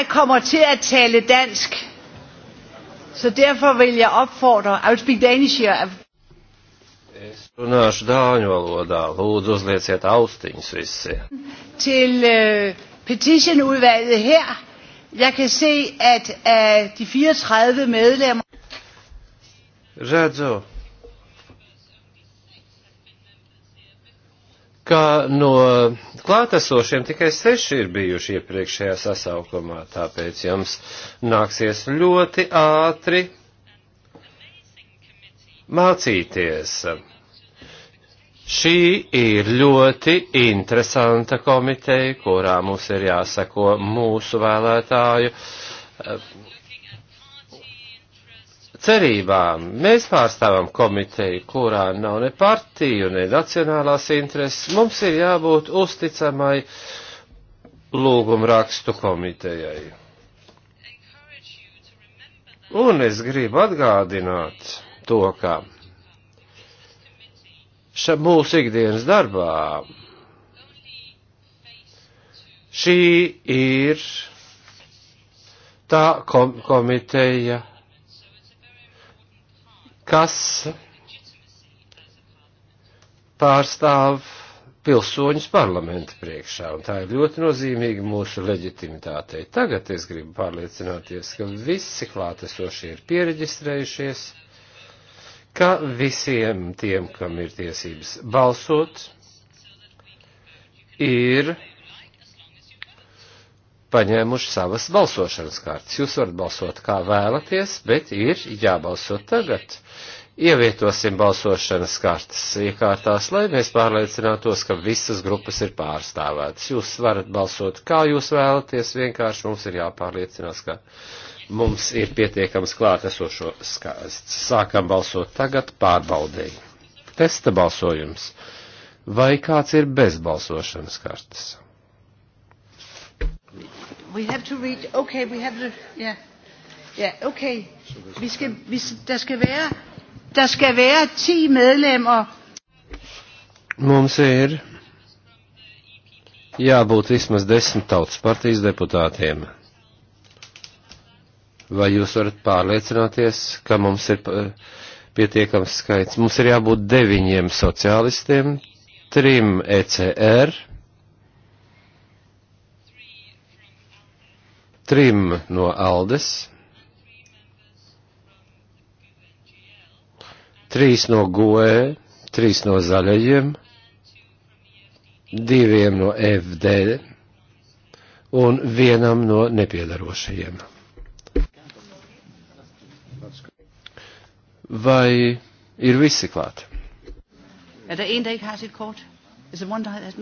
Jeg kommer til at tale dansk, så derfor vil jeg opfordre, I will speak Danish here. Es runāšu dāņu valodā, lūdzu uzlieciet austiņus visi. Til uh, petitionudvalget her, jeg kan se, at af uh, de 34 medlemmer... Redzu, ka no klātesošiem tikai seši ir bijuši iepriekšējā sasaukumā, tāpēc jums nāksies ļoti ātri mācīties. Šī ir ļoti interesanta komiteja, kurā mums ir jāsako mūsu vēlētāju cerībām. Mēs pārstāvam komiteju, kurā nav ne partiju, ne nacionālās intereses. Mums ir jābūt uzticamai lūgumrakstu komitejai. Un es gribu atgādināt to, ka ša, mūsu ikdienas darbā šī ir tā kom komiteja, kas pārstāv pilsoņus parlamenta priekšā, un tā ir ļoti nozīmīga mūsu leģitimitātei. Tagad es gribu pārliecināties, ka visi klātesošie ir piereģistrējušies, ka visiem tiem, kam ir tiesības balsot, ir paņēmuši savas balsošanas kārtas. Jūs varat balsot kā vēlaties, bet ir jābalso tagad. Ievietosim balsošanas kartas iekārtās, lai mēs pārliecinātos, ka visas grupas ir pārstāvētas. Jūs varat balsot kā jūs vēlaties, vienkārši mums ir jāpārliecinās, ka mums ir pietiekams klātesošo skaists. Sākam balsot tagad pārbaudēji. Testa balsojums. Vai kāds ir bez balsošanas kartas? We have to read. Okay, we have to. Yeah. Yeah, okay. Vi skal, vi, der, skal være, der skal være 10 medlemmer. Mums ir jābūt vismaz desmit tautas partijas deputātiem. Vai jūs varat pārliecināties, ka mums ir eh, pietiekams skaits? Mums ir jābūt deviņiem sociālistiem, trim ECR, trim no Aldes, trīs no GOE, trīs no zaļajiem, diviem no FD un vienam no nepiedarošajiem. Vai ir visi klāt? Ja, er de een dijk gaat het kort. Is er one dijk?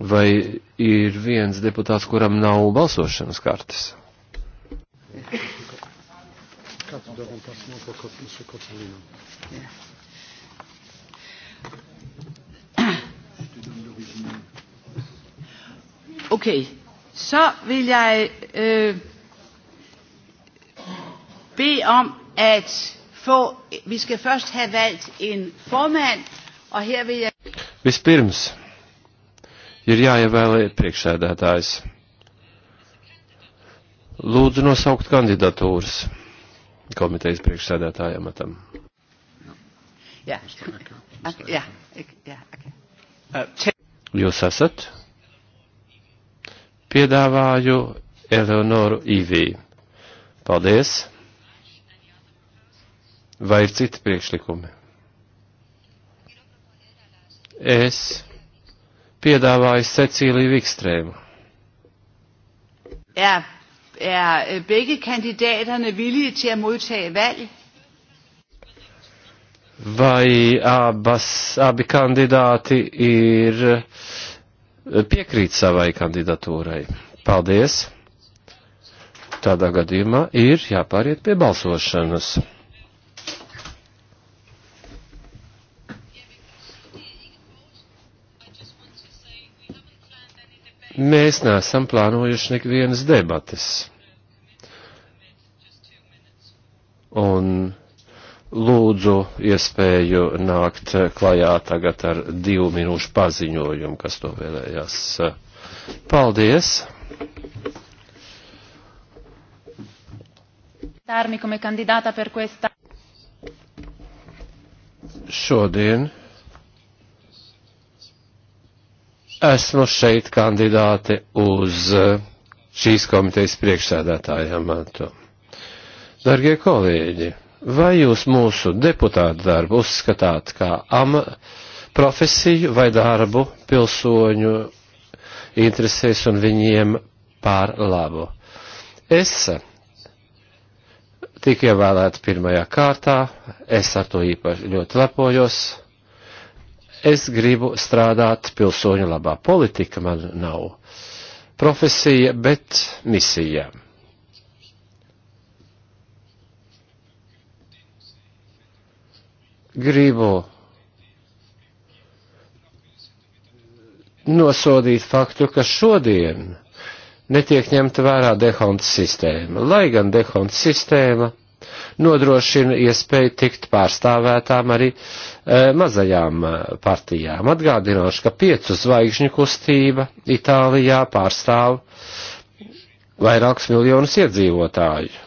Vai ir viens deputāts, kuram nav balsošanas kartes? Okay. Så vil jeg øh, bede om, at få, vi skal først have valgt en formand, og her vil jeg... Vispirms ir jāievēlē priekšsēdētājs. Lūdzu nosaukt kandidatūras komitejas priekšsēdētāja amatam. Jā, jā, jā. Uh, Jūs esat? Piedāvāju Eleonoru Ivī. Paldies! Vai ir citi priekšlikumi? Es piedāvājis Cecīlija Vikstrēma. Er, er begge kandidaterne villige til at modtage valg? Vai abas, abi kandidāti ir eh, piekrīt savai kandidatūrai? Paldies! Tādā gadījumā ir jāpāriet pie balsošanas. Mēs neesam plānojuši nekvienas debates. Un lūdzu iespēju nākt klajā tagad ar divu minūšu paziņojumu, kas to vēlējās. Paldies! Šodien esmu šeit kandidāte uz eh, šīs komitejas priekšsēdētāja amatu. Dargie kolēģi, vai jūs mūsu deputātu darbu uzskatāt kā ama profesiju vai darbu pilsoņu interesēs un viņiem pār labu? Es tiku ievēlēta pirmajā kārtā, es ar to īpaši ļoti lepojos. Es gribu strādāt pilsoņu labā. Politika man nav profesija, bet misija. Gribu nosodīt faktu, ka šodien netiek ņemta vērā dehonta sistēma, lai gan dehonta sistēma nodrošina iespēju tikt pārstāvētām arī e, mazajām e, partijām. Atgādināšu, ka piecu zvaigžņu kustība Itālijā pārstāv vairākus miljonus iedzīvotāju.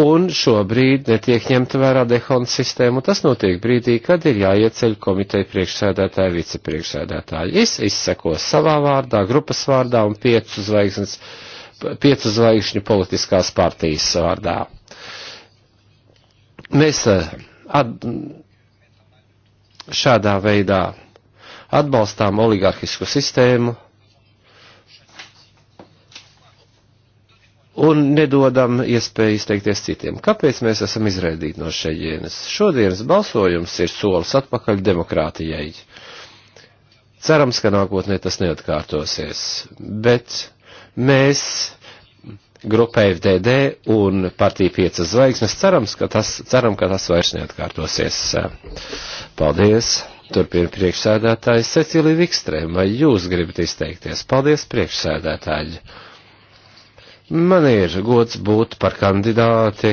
un šobrīd netiek ņemta vērā dehona sistēma, un tas notiek brīdī, kad ir jāieceļ komiteja priekšsēdētāji, vicepriekšsēdētāji. Es izsekos savā vārdā, grupas vārdā un piecu zvaigznes piecu zvaigžņu politiskās partijas vārdā. Mēs eh, at, šādā veidā atbalstām oligarhisku sistēmu un nedodam iespēju izteikties citiem. Kāpēc mēs esam izraidīti no šeģienes? Šodienas balsojums ir solis atpakaļ demokrātijai. Cerams, ka nākotnē tas neatkārtosies, bet Mēs grupa FDD un partija 5 zvaigznes cerams, ka tas, ceram, ka tas vairs neatkārtosies. Paldies! Turpina priekšsēdētājs Cecilija Vikstrēm, vai jūs gribat izteikties? Paldies, priekšsēdētāji! Man ir gods būt par kandidāti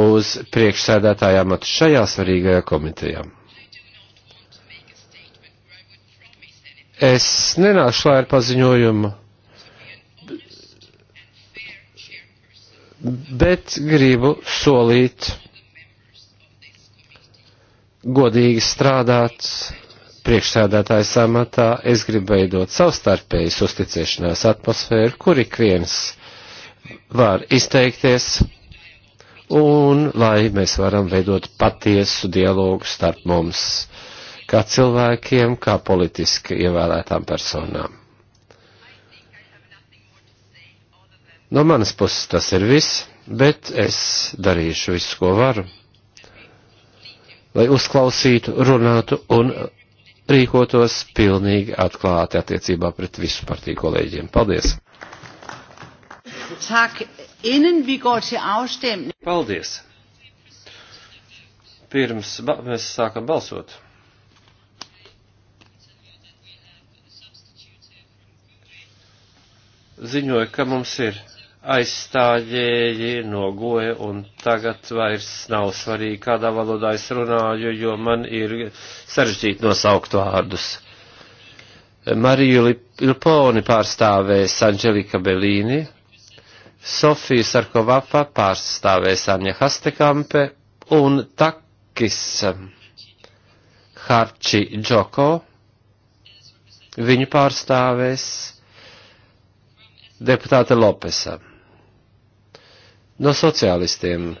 uz priekšsēdētāju amatu šajā svarīgajā komitejā. Es nenāšu lai ar paziņojumu, bet gribu solīt godīgi strādāt priekšsēdētājas amatā. Es gribu veidot savstarpējas uzticēšanās atmosfēru, kur ik viens var izteikties un lai mēs varam veidot patiesu dialogu starp mums kā cilvēkiem, kā politiski ievēlētām personām. No manas puses tas ir viss, bet es darīšu visu, ko varu, lai uzklausītu, runātu un rīkotos pilnīgi atklāti attiecībā pret visu partiju kolēģiem. Paldies! Tak, innen vi går til afstemning. Paldies! Pirms mēs sākam balsot. ziņoja, ka mums ir aizstāģēji no goja, un tagad vairs nav svarīgi, kādā valodā es runāju, jo man ir sarežģīti nosaukt vārdus. Mariju Liponi pārstāvēs Anģelika Belīni, Sofiju Sarkovapa pārstāvēs Anja Hastekampe un Takis Harči Džoko, viņu pārstāvēs deputāta Lopesa. No sociālistiem.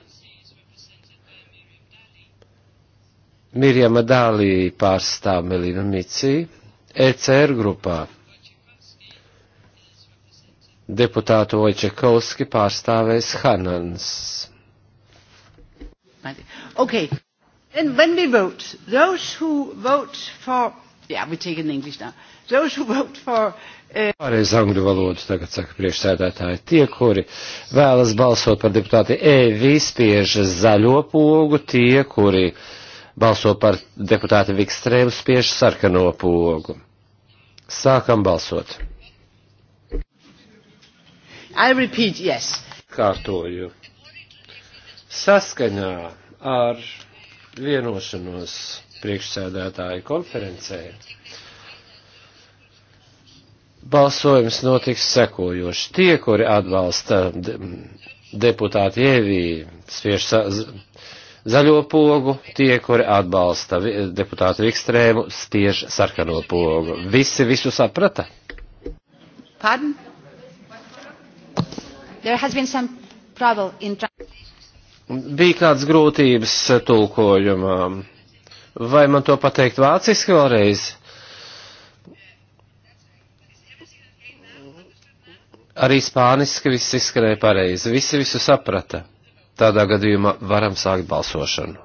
Mirjama Dālī pārstāv Melina Mici, ECR grupā. Deputātu Vojčekovski pārstāvēs Hanans. Okay. And when we vote, those who vote for Yeah, we take it in English now. Those who vote for... Uh... Pārējais angļu valodu tagad saka priekšsēdētāji. Tie, kuri vēlas balsot par deputāti E, vispiež zaļo pogu, tie, kuri balso par deputāti Vikstrēmu, spiež sarkano pogu. Sākam balsot. I repeat, yes. Kārtoju. Saskaņā ar vienošanos priekšsēdētāju konferencē. Balsojums notiks sekojoši. Tie, kuri atbalsta deputāti Ievī, spiež zaļo pogu, tie, kuri atbalsta deputātu Vikstrēmu, spiež sarkano pogu. Visi visu saprata? Pardon? There has been some trouble in... Bija kāds grūtības tulkojumā. Vai man to pateikt vāciski vēlreiz? Arī spāniski viss izskanēja pareizi. Visi visu saprata. Tādā gadījumā varam sākt balsošanu.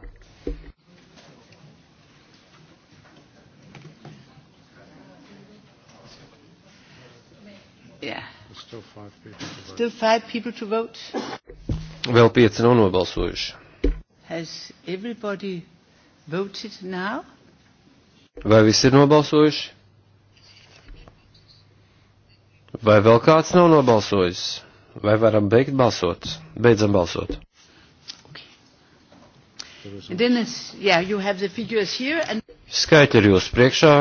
Yeah. Still five people to vote. Still five people to vote. Vēl pieci nav nobalsojuši. Has everybody voted now? Vai visi ir nobalsojuši? Vai vēl kāds nav nobalsojis? Vai varam beigt balsot? Beidzam balsot. Okay. Dennis, yeah, and... Skaitļi ir jūsu priekšā.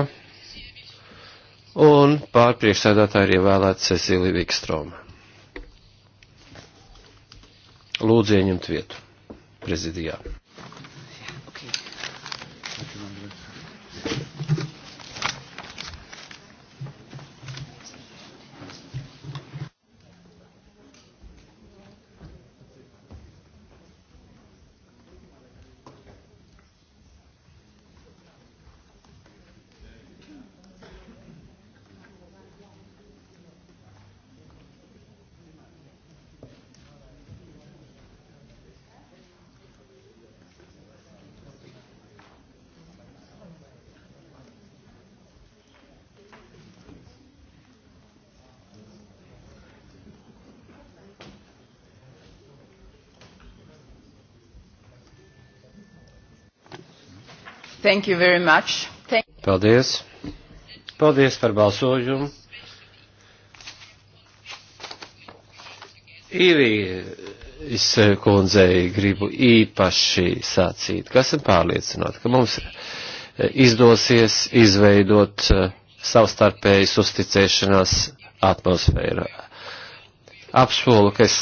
Un pārpriekšsēdētāji ir ievēlēta Cecīlija Vikstroma. Lūdzu ieņemt vietu prezidijā. Thank you very much. Thank Paldies. Paldies par balsojumu. Īrijas kundzei gribu īpaši sacīt, ka esam pārliecināti, ka mums izdosies izveidot savstarpējas uzticēšanās atmosfēru apsolu, ka es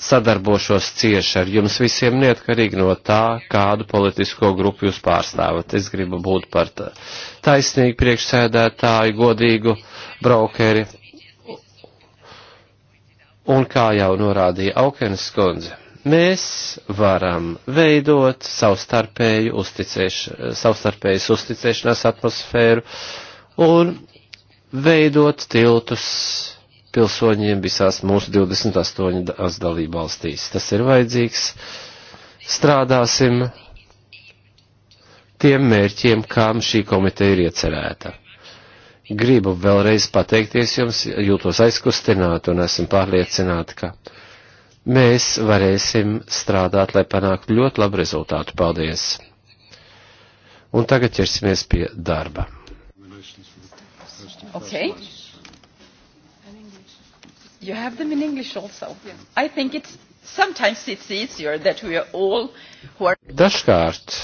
sadarbošos cieši ar jums visiem, neatkarīgi no tā, kādu politisko grupu jūs pārstāvat. Es gribu būt par taisnīgu priekšsēdētāju, godīgu braukeri. Un kā jau norādīja Aukenes skundze, mēs varam veidot savstarpēju uzticēš, savstarpējas uzticēšanās atmosfēru un veidot tiltus pilsoņiem visās mūsu 28 dalību valstīs. Tas ir vajadzīgs. Strādāsim tiem mērķiem, kām šī komiteja ir iecerēta. Gribu vēlreiz pateikties jums, jūtos aizkustināt un esmu pārliecināta, ka mēs varēsim strādāt, lai panāktu ļoti labu rezultātu. Paldies! Un tagad ķersimies pie darba. Okay. You have them in English also. Yeah. I think it's sometimes it's easier that we are all who are. Dažkārt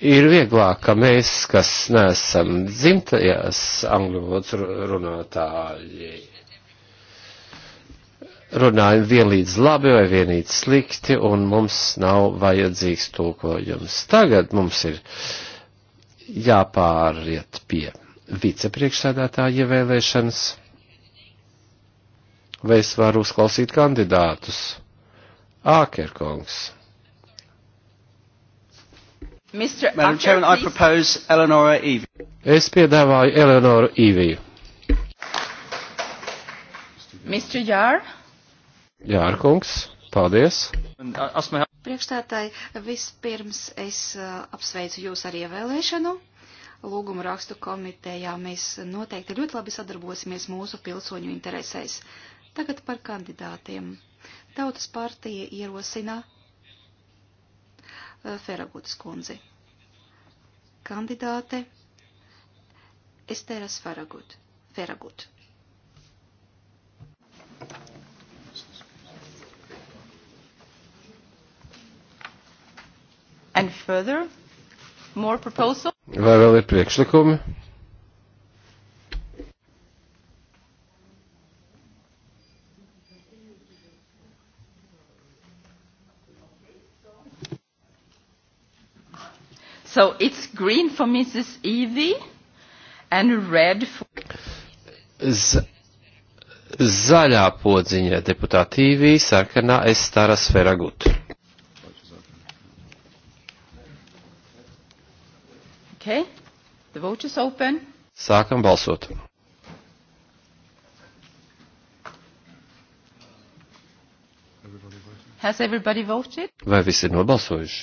ir vieglāk, ka mēs, kas neesam dzimtajās angļu valodas runātāji, runājam vienlīdz labi vai vienlīdz slikti, un mums nav vajadzīgs tulkojums. Tagad mums ir jāpāriet pie vicepriekšsēdētāja ievēlēšanas, vai es varu uzklausīt kandidātus? Ākerkungs. Madam Chairman, I propose Eleonora Evie. Es piedāvāju Eleonoru Eviju. Mr. Jār. Jārkungs, paldies. Priekšstādāji, vispirms es uh, apsveicu jūs ar ievēlēšanu lūgumu rakstu komitejā mēs noteikti ļoti labi sadarbosimies mūsu pilsoņu interesēs. Tagad par kandidātiem. Tautas partija ierosina eh, Feragutas kundzi. Kandidāte Esteras Feragut. Feragut. And further, more proposal? Vai vēl ir priekšlikumi? So it's green for Mrs. Evie and red for. Z zaļā podziņa deputātīvī, sarkanā es staras feragutu. Okay. The vote is open. Sākam balsot. Has everybody voted? Vai visi ir nobalsojuši?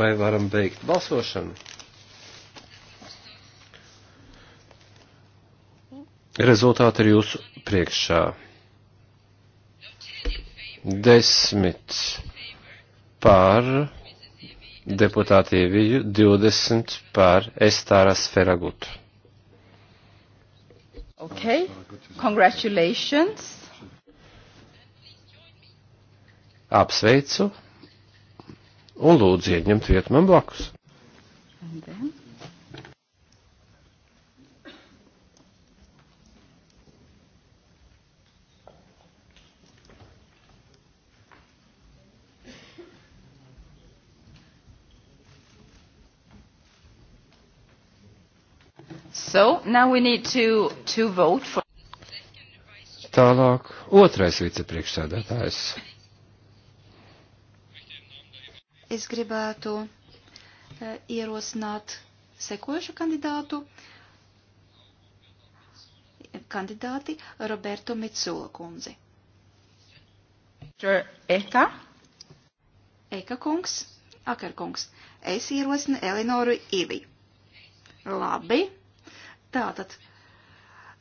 Vai varam beigt balsošanu? Rezultāti ir jūsu priekšā. 10 pār deputāti Ieviju, 20 pār Estāras Feragutu. Ok, congratulations. Apsveicu un lūdzu ieņemt vietu man blakus. now we need to, to vote for. Tālāk, otrais vicepriekšsēdētājs. Es gribētu uh, ierosināt sekojušu kandidātu. Kandidāti Roberto Mitsula kundzi. Eka. Eka kungs, Akar kungs. Es ierosinu Elinoru Ivi. Labi. Tātad,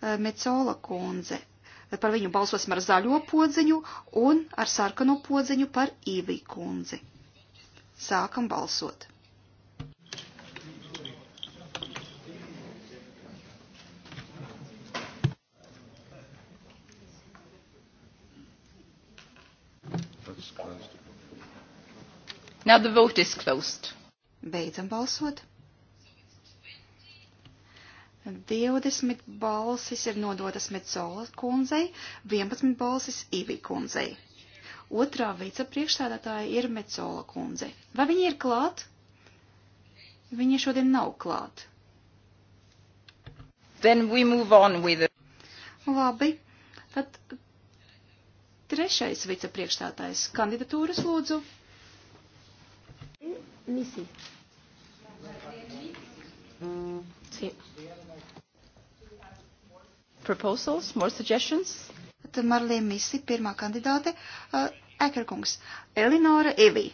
eh, Mecola kundze, par viņu balsosim ar zaļo podziņu un ar sarkano podziņu par Īvī kundzi. Sākam balsot. Now the vote is closed. Beidzam balsot. 20 balsis ir nodotas Metzola kundzei, 11 balsis Ivī kundzei. Otrā vicepriekšstādātāja ir Metzola kundze. Vai viņa ir klāt? Viņa šodien nav klāt. Then we move on with it. Labi, tad trešais vicepriekšstādājs kandidatūras lūdzu. Misi. Mm, sí proposals, more suggestions? Tad Marlija Misi, pirmā kandidāte, uh, Ekerkungs, Elinora Ivī.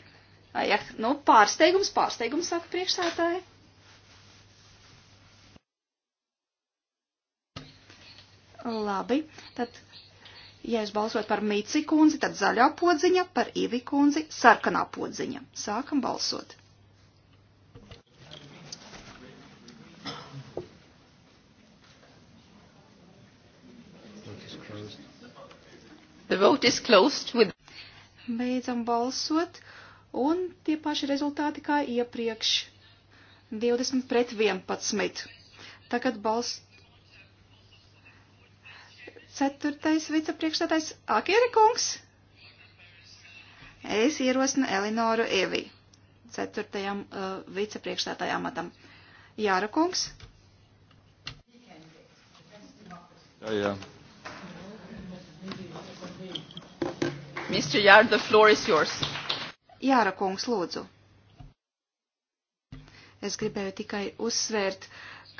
Uh, ja, nu, pārsteigums, pārsteigums, saka priekšsētāji. Labi, tad, ja jūs balsot par Mici kundzi, tad zaļā podziņa, par Ivi kundzi, sarkanā podziņa. Sākam balsot. The vote is closed with. Beidzam balsot un tie paši rezultāti kā iepriekš. 20 pret 11. Tagad balsts. Ceturtais vicepriekšstādājs Akieri kungs. Es ierosinu Elinoru Evi. Ceturtajam uh, vicepriekšstādājam matam. Jāra kungs. Jā, jā. Mr. Jār, the floor is yours. Jāra kungs, lūdzu. Es gribēju tikai uzsvērt,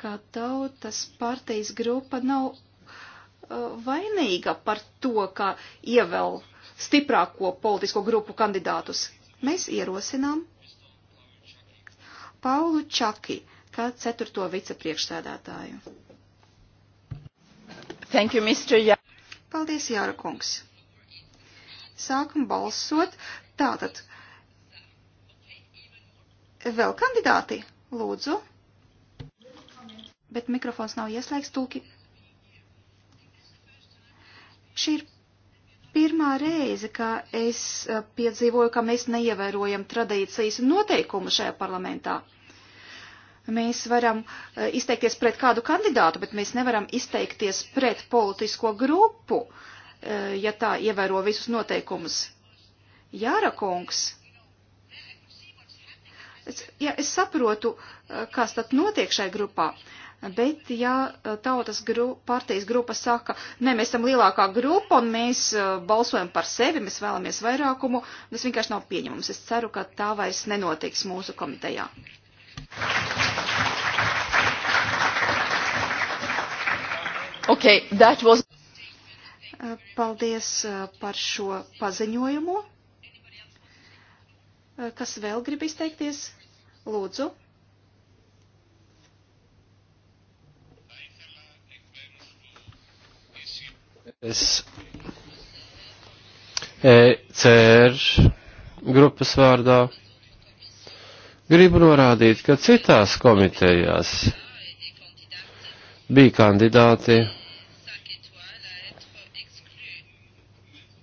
ka tautas partijas grupa nav uh, vainīga par to, ka ievēl stiprāko politisko grupu kandidātus. Mēs ierosinām Paulu Čaki kā ceturto vicepriekšsēdētāju. Thank you, Mr. Jā. Paldies, Jāra kungs. Sākam balsot. Tātad, vēl kandidāti, lūdzu. Bet mikrofons nav ieslēgts, tulki. Šī ir pirmā reize, kā es eh, piedzīvoju, ka mēs neievērojam tradīcijas un noteikumu šajā parlamentā. Mēs varam eh, izteikties pret kādu kandidātu, bet mēs nevaram izteikties pret politisko grupu. Uh, E, ja tā ievēro visus noteikumus. Jāra kungs, es, ja es saprotu, e, kas tad notiek šai grupā, bet ja e, tautas gru, partijas grupa saka, ne, mēs esam lielākā grupa un mēs balsojam par sevi, mēs vēlamies vairākumu, tas vienkārši nav pieņemums. Es ceru, ka tā vairs nenotiks mūsu komitejā. Okay, that was Paldies eh, par šo paziņojumu. Eh, kas vēl grib izteikties? Lūdzu. Es ECR grupas vārdā gribu norādīt, ka citās komitejās bija kandidāti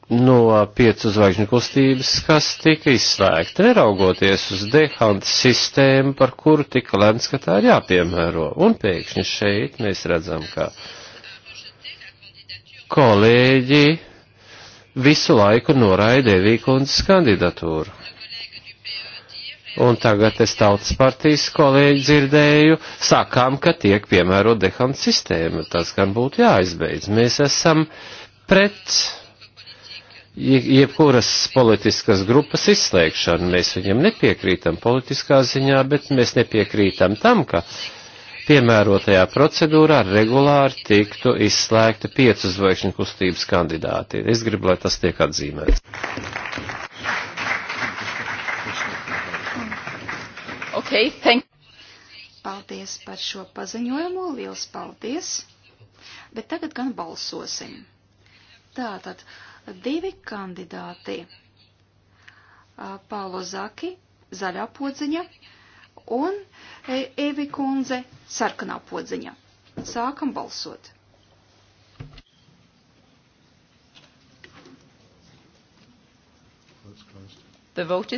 no piecu zvaigžņu kustības, kas tika izslēgta, neraugoties uz dehanta sistēmu, par kuru tika lemts, ka tā ir jāpiemēro. Un pēkšņi šeit mēs redzam, ka kolēģi visu laiku noraida Evīkundas kandidatūru. Un tagad es tautas partijas kolēģi dzirdēju, sakām, ka tiek piemērot dehanta sistēma. Tas gan būtu jāizbeidz. Mēs esam pret jebkuras politiskas grupas izslēgšanu. Mēs viņam nepiekrītam politiskā ziņā, bet mēs nepiekrītam tam, ka piemērotajā procedūrā regulāri tiktu izslēgta piecu zvaigžņu kustības kandidāti. Es gribu, lai tas tiek atzīmēts. Okay, thank... Paldies par šo paziņojumu, liels paldies! Bet tagad gan balsosim. Tātad. Tā divi kandidāti - Paulo Zaki, zaļā podziņa, un e, Evi Kunze, sarkanā podziņa. Sākam balsot! The vote is